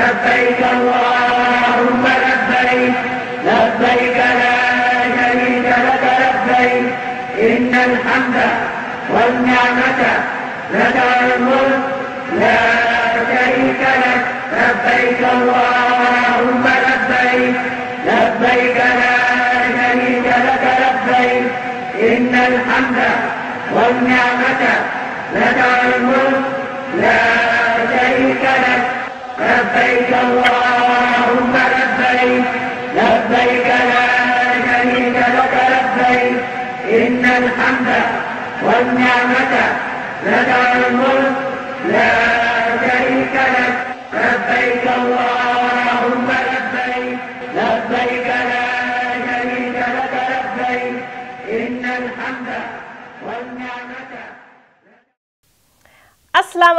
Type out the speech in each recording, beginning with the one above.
لبيك اللهم لبيك لبيك لا شريك لك لبيك إن الحمد والنعمة لك الملك لا شريك لك لبيك اللهم اللهم لبيك لبيك لا شريك لك لبيك إن الحمد والنعمة لك الملك لا شريك لك لبيك الله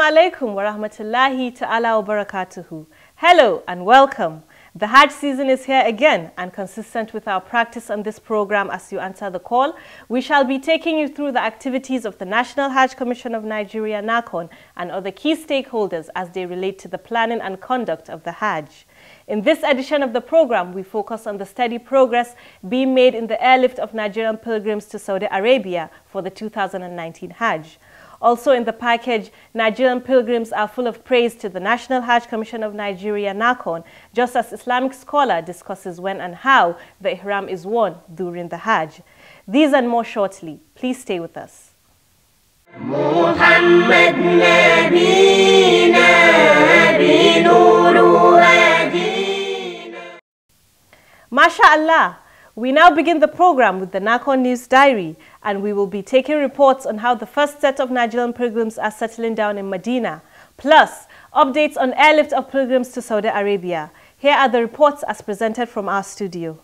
alaikum wa rahmatullahi ta'ala wa barakatuhu. Hello and welcome. The Hajj season is here again and consistent with our practice on this program as you answer the call, we shall be taking you through the activities of the National Hajj Commission of Nigeria, NACON, and other key stakeholders as they relate to the planning and conduct of the Hajj. In this edition of the program, we focus on the steady progress being made in the airlift of Nigerian pilgrims to Saudi Arabia for the 2019 Hajj. Also in the package, Nigerian pilgrims are full of praise to the National Hajj Commission of Nigeria, NACON, just as Islamic scholar discusses when and how the ihram is worn during the Hajj. These and more shortly. Please stay with us. محمد Masha Allah, we now begin the program with the NACON News Diary, and we will be taking reports on how the first set of Nigerian pilgrims are settling down in Medina, plus updates on airlift of pilgrims to Saudi Arabia. Here are the reports as presented from our studio.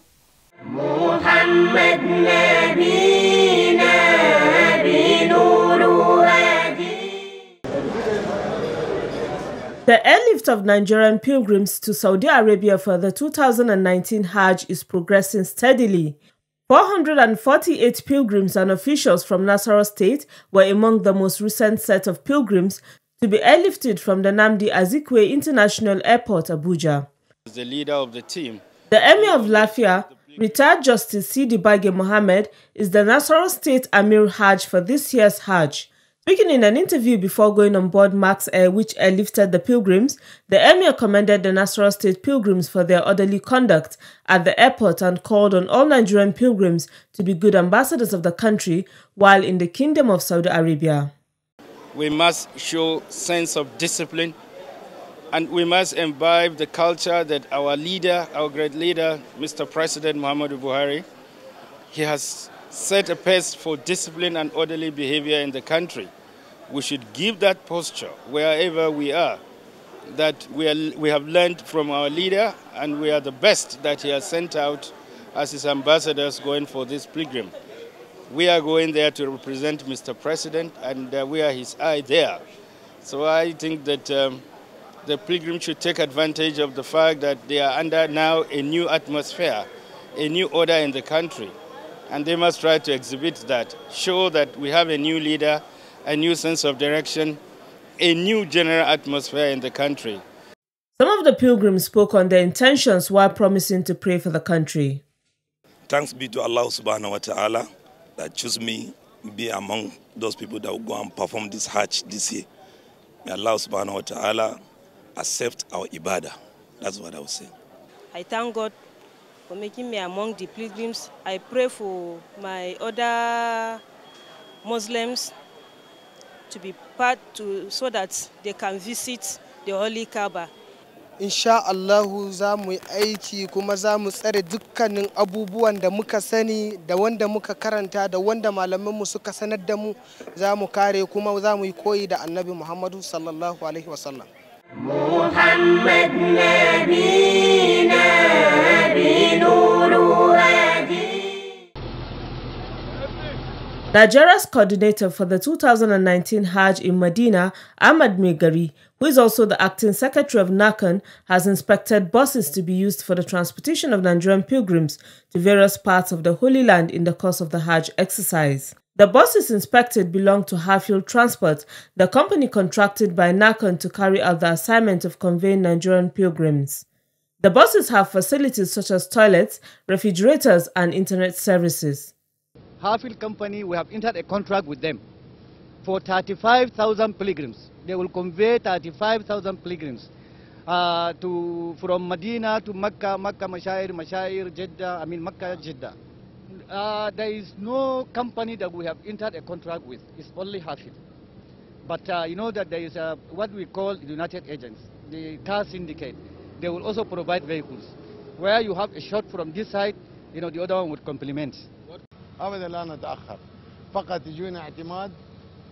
The airlift of Nigerian pilgrims to Saudi Arabia for the 2019 Hajj is progressing steadily, 448 pilgrims and officials from Nasarawa State were among the most recent set of pilgrims to be airlifted from the Namdi Azikwe International Airport, Abuja. the leader of the team, the Emir of Lafia, retired Justice Sidi Bage Mohammed, is the Nasarawa State Amir Hajj for this year's Hajj. Speaking in an interview before going on board Max Air, which airlifted the pilgrims, the emir commended the Nasarawa State pilgrims for their orderly conduct at the airport and called on all Nigerian pilgrims to be good ambassadors of the country while in the Kingdom of Saudi Arabia. We must show sense of discipline and we must imbibe the culture that our leader, our great leader, Mr. President Muhammadu Buhari, he has set a pace for discipline and orderly behavior in the country. We should give that posture wherever we are, that we, are, we have learned from our leader and we are the best that he has sent out as his ambassadors going for this pilgrim. We are going there to represent Mr. President and uh, we are his eye there. So I think that um, the pilgrims should take advantage of the fact that they are under now a new atmosphere, a new order in the country and they must try to exhibit that, show that we have a new leader, a new sense of direction, a new general atmosphere in the country. Some of the pilgrims spoke on their intentions while promising to pray for the country. Thanks be to Allah subhanahu wa ta'ala that chose me be among those people that will go and perform this Hajj this year. May Allah subhanahu wa ta'ala accept our ibadah. That's what I would say. I thank God for making me among the pilgrims. I pray for my other Muslims to be part to so that they can visit the Holy Kaaba. Insha Allah, za mu aiki kuma za mu tsare dukkanin abubuwan da muka sani da wanda muka karanta da wanda malamanmu suka sanar da mu za mu kare kuma za mu yi koyi da annabi Muhammadu sallallahu Alaihi wasallam. Nigeria's coordinator for the 2019 Hajj in Medina, Ahmad Megari, who is also the acting secretary of NACAN, has inspected buses to be used for the transportation of Nigerian pilgrims to various parts of the Holy Land in the course of the Hajj exercise. The buses inspected belong to Harfield Transport, the company contracted by Nakan to carry out the assignment of conveying Nigerian pilgrims. The buses have facilities such as toilets, refrigerators and internet services. Harfield Company, we have entered a contract with them for 35,000 pilgrims. They will convey 35,000 pilgrims uh, to, from Medina to Mecca, Mecca Mashair, Mashair, Jeddah, I mean Mecca, Jeddah. Uh, there is no company that we have entered a contract with. It's only Hafid. But uh, you know that there is a, what we call United Agents, the car syndicate. They will also provide vehicles. Where you have a shot from this side, you know, the other one would complement. فقط اعتماد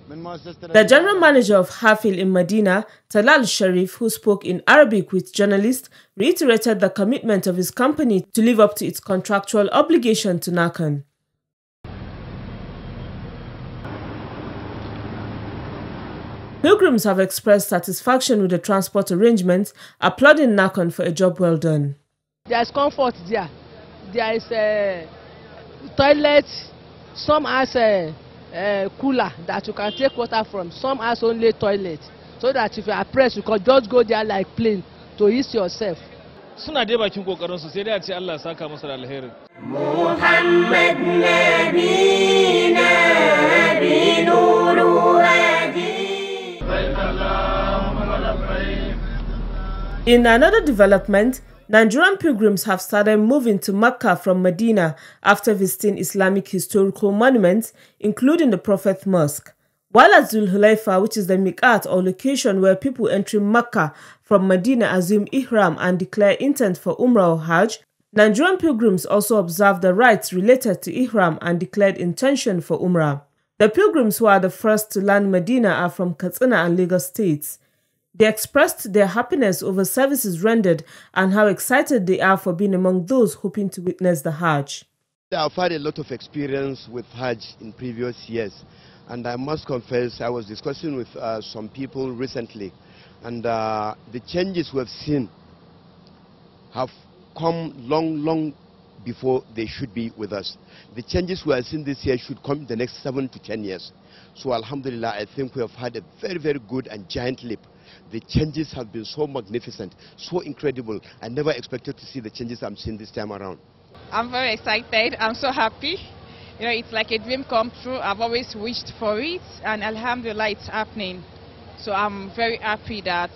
the general manager of Hafil in Medina, Talal Sharif, who spoke in Arabic with journalists, reiterated the commitment of his company to live up to its contractual obligation to Nakan. Pilgrims have expressed satisfaction with the transport arrangements, applauding Nakan for a job well done. There is comfort there. There is a uh, toilet, some has a uh, Eh, cooler that you can take water from some has only toilet so that if you are pressed you can just go there like plane to ease yourself. suna dai bakin kokarin sai dai a ce Allah saka masa da alherin. Muhammad Nabi Nabi Nuru Hadi. In another development, Nigerian pilgrims have started moving to Mecca from Medina after visiting Islamic historical monuments, including the Prophet Mosque. While at Zulhulayfa, which is the miqat or location where people entering Mecca from Medina assume ihram and declare intent for Umrah or Hajj, Nigerian pilgrims also observe the rites related to ihram and declared intention for Umrah. The pilgrims who are the first to land Medina are from Katsina and Lagos states. They expressed their happiness over services rendered and how excited they are for being among those hoping to witness the Hajj. I've had a lot of experience with Hajj in previous years, and I must confess I was discussing with uh, some people recently, and uh, the changes we've seen have come long, long before they should be with us. The changes we are seeing this year should come in the next seven to ten years. So Alhamdulillah, I think we have had a very, very good and giant leap. The changes have been so magnificent, so incredible. I never expected to see the changes I'm seeing this time around. I'm very excited. I'm so happy. You know, it's like a dream come true. I've always wished for it, and alhamdulillah, it's happening. So I'm very happy that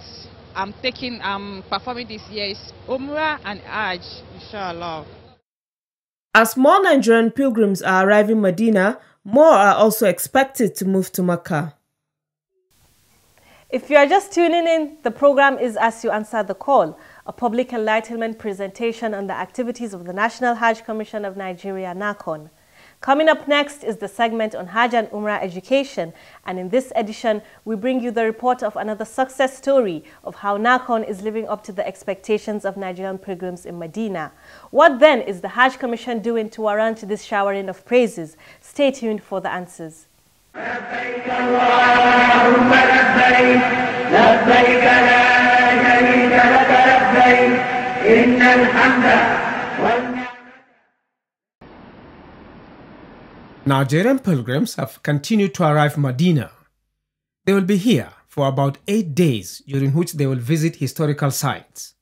I'm taking, I'm performing this year's Umrah and Hajj, inshallah. As more Nigerian pilgrims are arriving Medina, more are also expected to move to Makkah. If you are just tuning in, the program is As You Answer the Call, a public enlightenment presentation on the activities of the National Hajj Commission of Nigeria, NACON. Coming up next is the segment on Hajj and Umrah education, and in this edition, we bring you the report of another success story of how NACON is living up to the expectations of Nigerian pilgrims in Medina. What then is the Hajj Commission doing to warrant this showering of praises? Stay tuned for the answers. Nigerian pilgrims have continued to arrive Medina. They will be here for about eight days during which they will visit historical sites.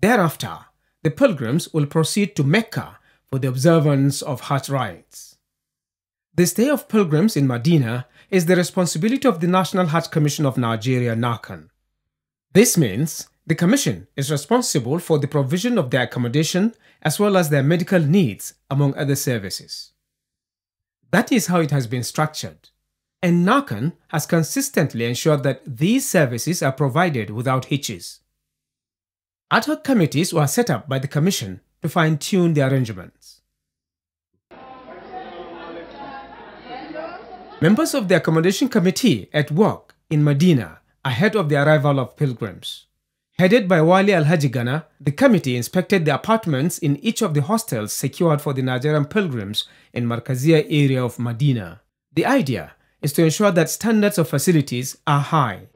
Thereafter, the pilgrims will proceed to Mecca for the observance of Hajj rites. The stay of pilgrims in Medina is the responsibility of the National Hajj Commission of Nigeria, NACAN. This means the Commission is responsible for the provision of their accommodation as well as their medical needs, among other services. That is how it has been structured, and NACAN has consistently ensured that these services are provided without hitches. Ad hoc committees were set up by the Commission to fine tune the arrangement. Members of the accommodation committee at work in Medina ahead of the arrival of pilgrims. Headed by Wali Al Hajigana, the committee inspected the apartments in each of the hostels secured for the Nigerian pilgrims in Markazia area of Medina. The idea is to ensure that standards of facilities are high.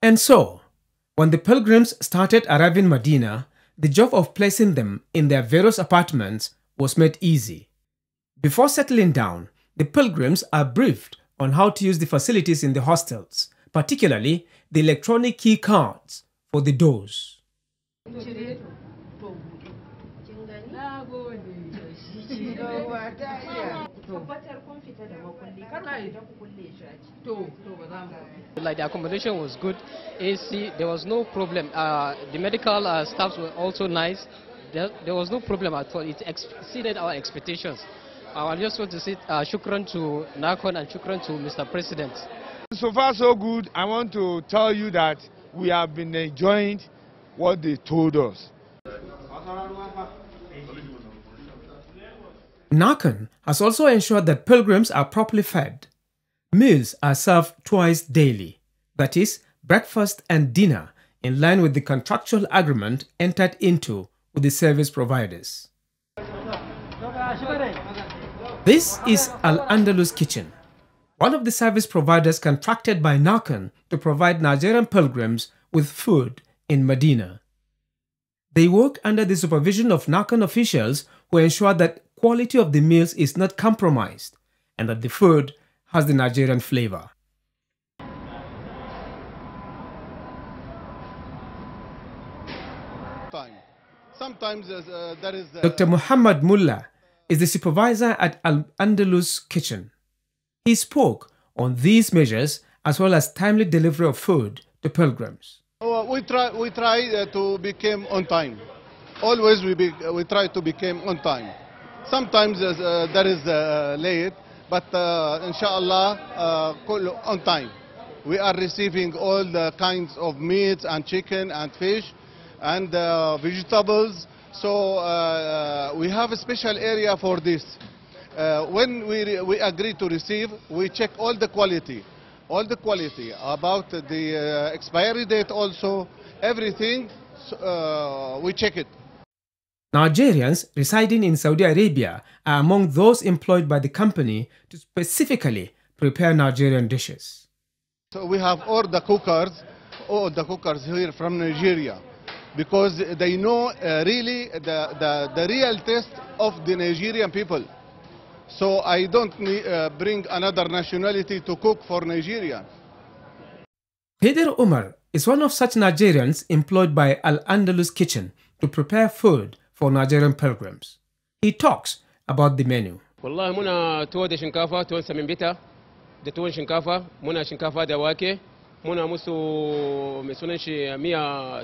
And so, when the pilgrims started arriving Medina, the job of placing them in their various apartments was made easy. Before settling down, the pilgrims are briefed on how to use the facilities in the hostels, particularly the electronic key cards for the doors. Like the accommodation was good, AC, there was no problem. Uh, the medical uh, staffs were also nice. There, there was no problem at all. It exceeded our expectations. I just want to say uh, shukran to Nakon and shukran to Mr. President. So far, so good. I want to tell you that we have been enjoying what they told us. Nakon has also ensured that pilgrims are properly fed. Meals are served twice daily, that is, breakfast and dinner, in line with the contractual agreement entered into with the service providers. This is Al Andalus Kitchen, one of the service providers contracted by Narcan to provide Nigerian pilgrims with food in Medina. They work under the supervision of Narcan officials who ensure that quality of the meals is not compromised and that the food has the Nigerian flavor. Sometimes, uh, uh Dr. Muhammad Mullah is the supervisor at Al Andalus Kitchen. He spoke on these measures as well as timely delivery of food to pilgrims. Uh, we try, we try uh, to become on time. Always we, be, we try to become on time. Sometimes uh, that is uh, late, but uh, inshallah uh, on time. We are receiving all the kinds of meats and chicken and fish and uh, vegetables so uh, uh, we have a special area for this. Uh, when we, we agree to receive, we check all the quality, all the quality about the uh, expiry date also, everything, uh, we check it. Nigerians residing in Saudi Arabia are among those employed by the company to specifically prepare Nigerian dishes. So we have all the cookers, all the cookers here from Nigeria because they know uh, really the, the, the, real test of the Nigerian people. So I don't uh, bring another nationality to cook for Nigeria. Peter Umar is one of such Nigerians employed by Al Andalus Kitchen to prepare food for Nigerian pilgrims. He talks about the menu. والله منا تو da shinkafa tuwon samimbita da tuwon shinkafa muna shinkafa da wake muna musu mai sunan shi miya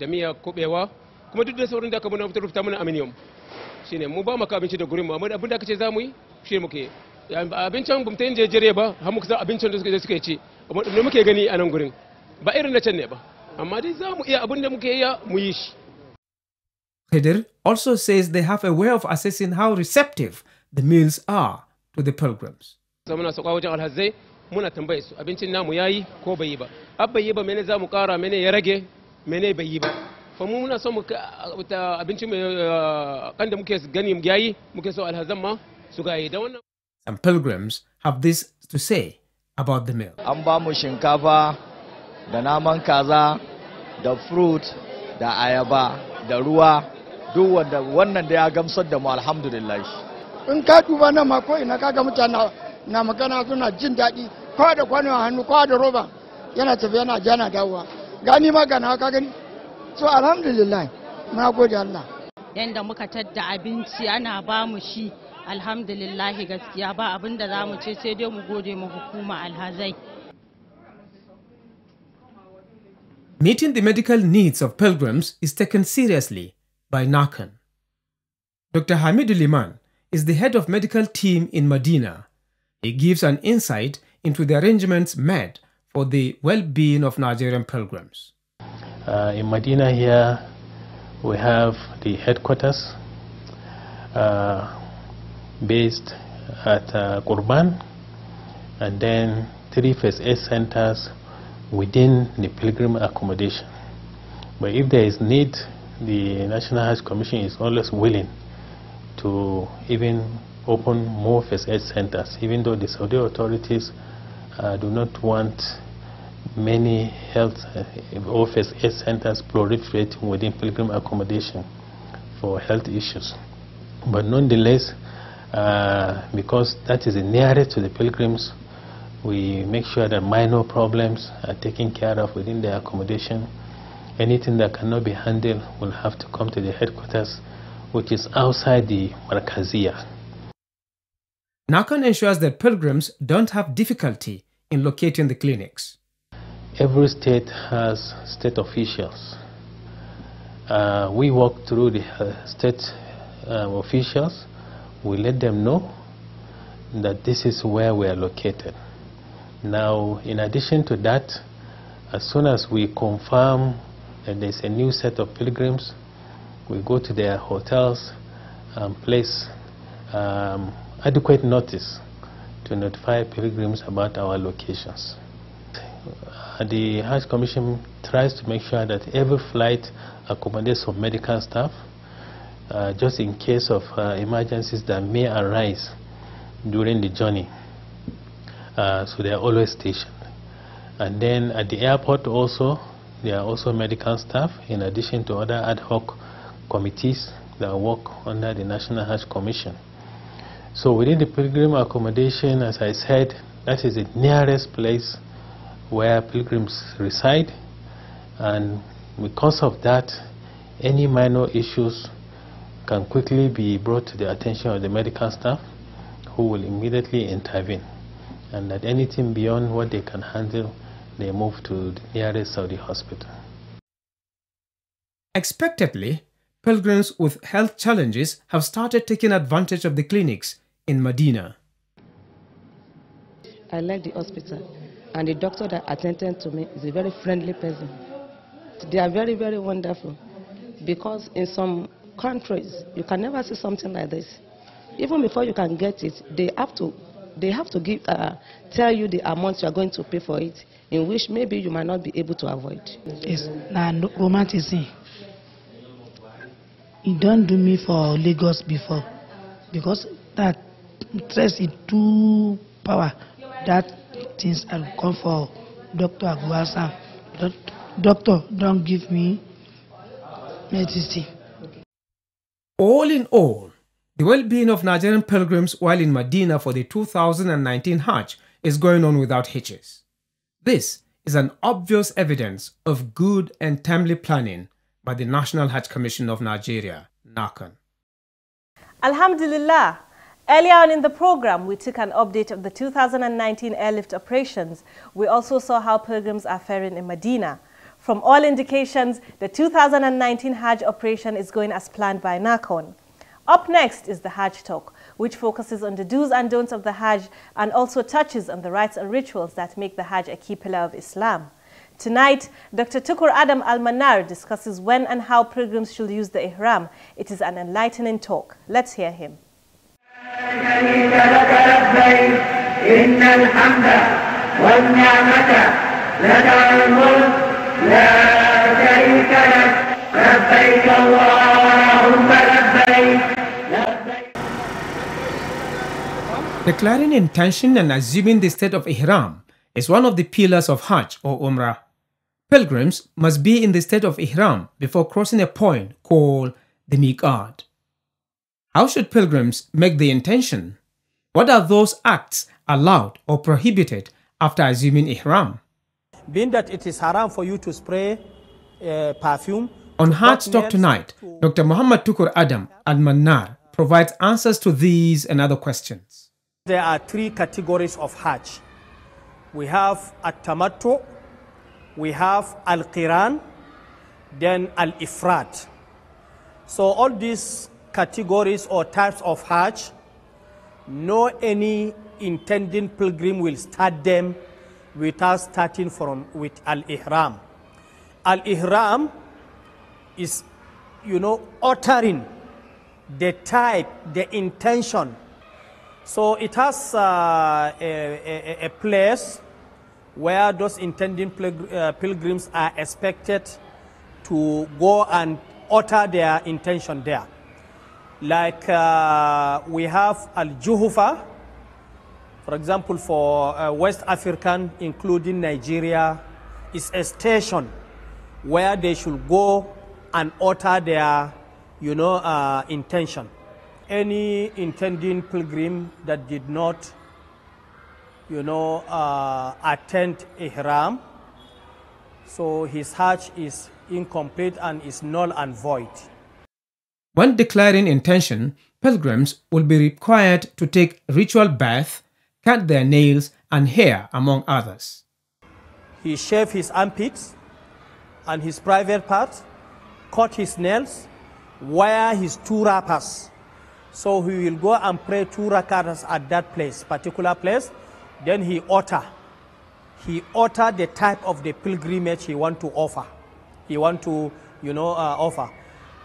da miya kubewa kuma duk da saurin da aka muna rufta muna aminiyom shine mu ba maka abinci da gurin mu amma abin da aka ce za mu yi shi muke abincin bamu ta yin jejere ba har muka san abincin da suka yi ce amma da muke gani a nan gurin ba irin na can ne ba amma dai za mu iya abin da muke iya mu yi shi Hedir also says they have a way of assessing how receptive the meals are to the pilgrims. Zamana sauka wajen alhazai muna tambaye su abincin namu ya yi ko bai yi ba. Abba yi ba mene za mu kara mene ya rage mene bai yi ba fa mu muna son mu abinci mai eh, kan da muke gani yayi muke so alhazan ma su gaye da wannan and pilgrims have this to say about the meal an ba mu shinkafa da naman kaza da fruit da ayaba da ruwa duk wanda wannan da ya gamsar da mu alhamdulillah in ka duba nan ma ko ina kaga mutane na magana suna jin daɗi kwa da kwano a hannu kwa da roba yana tafiya yana jana dawowa gani ma gani so alhamdulillah na gode Allah yanda muka tadda abinci ana ba mu shi alhamdulillah gaskiya ba ce sai dai mu gode mu hukuma alhazai Meeting the medical needs of pilgrims is taken seriously by Nakan. Dr. Hamidul Liman is the head of medical team in Medina. He gives an insight into the arrangements made for the well-being of Nigerian pilgrims. Uh, in Medina here, we have the headquarters uh, based at uh, Qurban and then three first aid centers within the pilgrim accommodation. But if there is need, the National Health Commission is always willing to even open more first aid centers, even though the Saudi authorities uh, do not want many health uh, office centers proliferating within pilgrim accommodation for health issues. But nonetheless, uh, because that is the nearest to the pilgrims, we make sure that minor problems are taken care of within the accommodation. Anything that cannot be handled will have to come to the headquarters, which is outside the Markazia. Nakan ensures that pilgrims don't have difficulty in locating the clinics every state has state officials. Uh, we walk through the uh, state uh, officials. We let them know that this is where we are located. Now, in addition to that, as soon as we confirm that there's a new set of pilgrims, we go to their hotels and place um, adequate notice to notify pilgrims about our locations. Uh, the Health Commission tries to make sure that every flight accommodates some medical staff uh, just in case of uh, emergencies that may arise during the journey. Uh, so they are always stationed. And then at the airport also, there are also medical staff in addition to other ad hoc committees that work under the National Health Commission. So within the pilgrim accommodation, as I said, that is the nearest place where pilgrims reside and because of that any minor issues can quickly be brought to the attention of the medical staff who will immediately intervene and that anything beyond what they can handle they move to the nearest Saudi hospital. Expectedly, pilgrims with health challenges have started taking advantage of the clinics in Medina. I like the hospital and the doctor that attended to me is a very friendly person. They are very, very wonderful. Because in some countries, you can never see something like this. Even before you can get it, they have to, they have to give, uh, tell you the amount you are going to pay for it, in which maybe you might not be able to avoid. Yes, now romanticism. don't do me for Lagos before, because that stress is too power that things I come for Dr. Aguasa. Doctor, don't give me medicine. All in all, the well-being of Nigerian pilgrims while in Medina for the 2019 Hajj is going on without hitches. This is an obvious evidence of good and timely planning by the National Hajj Commission of Nigeria, NACON. Alhamdulillah, Earlier on in the program, we took an update of the 2019 airlift operations. We also saw how pilgrims are faring in Medina. From all indications, the 2019 Hajj operation is going as planned by NACON. Up next is the Hajj Talk, which focuses on the do's and don'ts of the Hajj and also touches on the rites and rituals that make the Hajj a key pillar of Islam. Tonight, Dr. Tukur Adam Almanar discusses when and how pilgrims should use the Ihram. It is an enlightening talk. Let's hear him. شريك لك لبيك إن الحمد والنعمة لك الملك لا شريك لك لبيك اللهم لبيك Declaring intention and assuming the state of Ihram is one of the pillars of Hajj or Umrah. Pilgrims must be in the state of Ihram before crossing a point called the Miqat. How should pilgrims make the intention? What are those acts allowed or prohibited after assuming ihram? Being that it is haram for you to spray uh, perfume. On to Hearts Talk Tonight, to... Dr. Muhammad Tukur Adam Al Mannar provides answers to these and other questions. There are three categories of Hajj we have at tamattu, we have al qiran, then al ifrat. So all these categories or types of Hajj, no any intending pilgrim will start them without starting from with Al-Ihram. Al-Ihram is, you know, uttering the type, the intention. So it has uh, a, a, a, place where those intending uh, pilgrims are expected to go and utter their intention there. Like uh, we have Al Juhufa, for example, for uh, West African, including Nigeria, is a station where they should go and utter their, you know, uh, intention. Any intending pilgrim that did not, you know, uh, attend Ihram, so his Hajj is incomplete and is null and void. When declaring intention, pilgrims will be required to take ritual bath, cut their nails and hair, among others. He shaved his armpits and his private parts, cut his nails, wear his two wrappers. So he will go and pray two rakats at that place, particular place. Then he utter. He utter the type of the pilgrimage he want to offer. He want to, you know, uh, offer.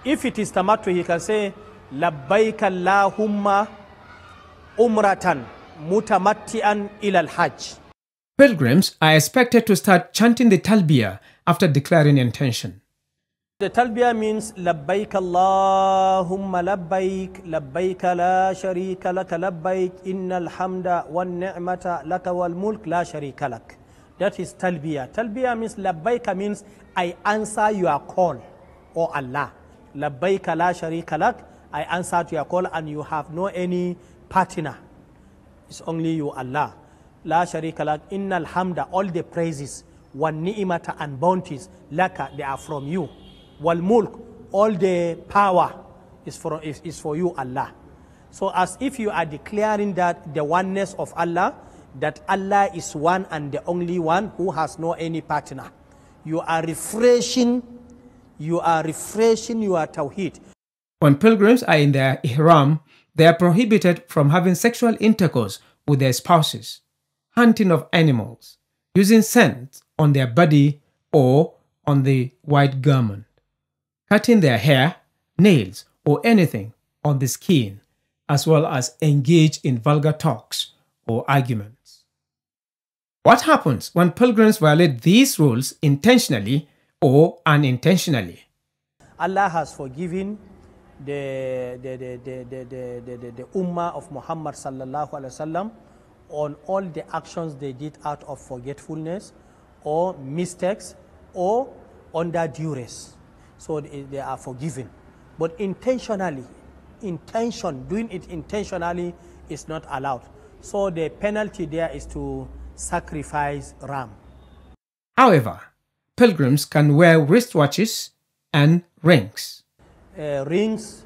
if it is tamattu he can say labbaika allahumma umratan mutamatti'an ilal hajj pilgrims are expected to start chanting the talbiya after declaring intention The talbiya means labbaika Allahumma labbaik labbaika la sharika lak labbaik innal hamda wan ni'mata lak wal mulk la sharika lak. That is talbiya. Talbiya means Labbaika means I answer your call O Allah. labbaika la sharika lak, I answered your call and you have no any partner. It's only you, Allah. La sharika lak, innal hamda, all the praises, wan ni'mata and bounties, laka, they are from you. Wal mulk, all the power is for, is, is for you, Allah. So as if you are declaring that the oneness of Allah, that Allah is one and the only one who has no any partner. You are refreshing you are refreshing your tawhid. When pilgrims are in their ihram, they are prohibited from having sexual intercourse with their spouses, hunting of animals, using scent on their body or on the white garment, cutting their hair, nails, or anything on the skin, as well as engage in vulgar talks or arguments. What happens when pilgrims violate these rules intentionally or unintentionally. Allah has forgiven the, the, the, the, the, the, the, the Ummah of Muhammad sallallahu alaihi wasallam on all the actions they did out of forgetfulness or mistakes or under duress. So they are forgiven. But intentionally, intention, doing it intentionally is not allowed. So the penalty there is to sacrifice ram. However, pilgrims can wear wristwatches and rings. Uh, rings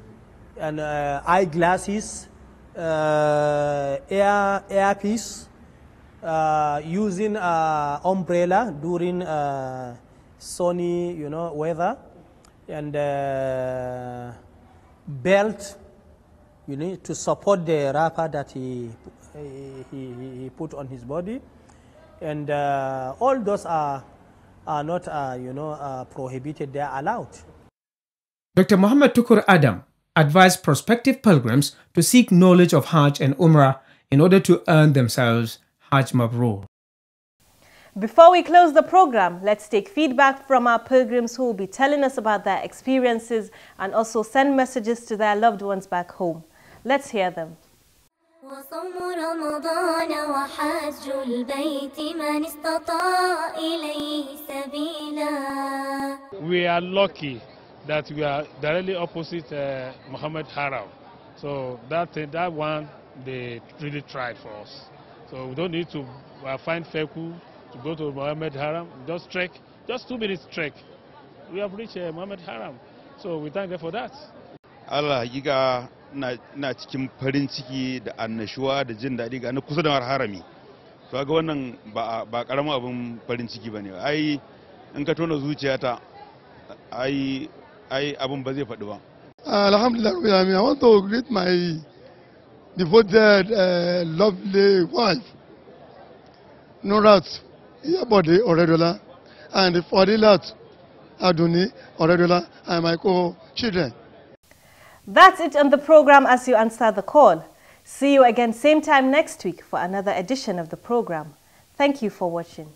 and uh, eyeglasses, uh, ear earpiece, uh, using uh, umbrella during uh, sunny, you know, weather, and belt, you know, to support the wrapper that he he, he, he put on his body, and all those are are not, uh, you know, uh, prohibited, they are allowed. Dr. Muhammad Tukur Adam advised prospective pilgrims to seek knowledge of Hajj and Umrah in order to earn themselves Hajj Mabrur. Before we close the program, let's take feedback from our pilgrims who will be telling us about their experiences and also send messages to their loved ones back home. Let's hear them. وصوم رمضان وحج البيت من استطاع إليه سبيلا We are lucky that we are directly opposite uh, Muhammad Haram. So that, uh, that one they really tried for us. So we don't need to uh, find Feku to go to Muhammad Haram. Just trek, just two minutes trek. We have reached uh, Muhammad Haram. So we thank them for that. allah hakika na cikin farin ciki da annashuwa da jin daɗi ga na kusa da mara harami to ga wannan ba karamin abin farin ciki ba ne ai in ka tona zuciyata ai ai abin ba zai faɗi ba alhamdulillah rabbil alamin i want to greet my devoted uh, lovely wife Nurat yabode Oredola and Fadilat Aduni Oredola and my co-children That's it on the program as you answer the call. See you again same time next week for another edition of the program. Thank you for watching.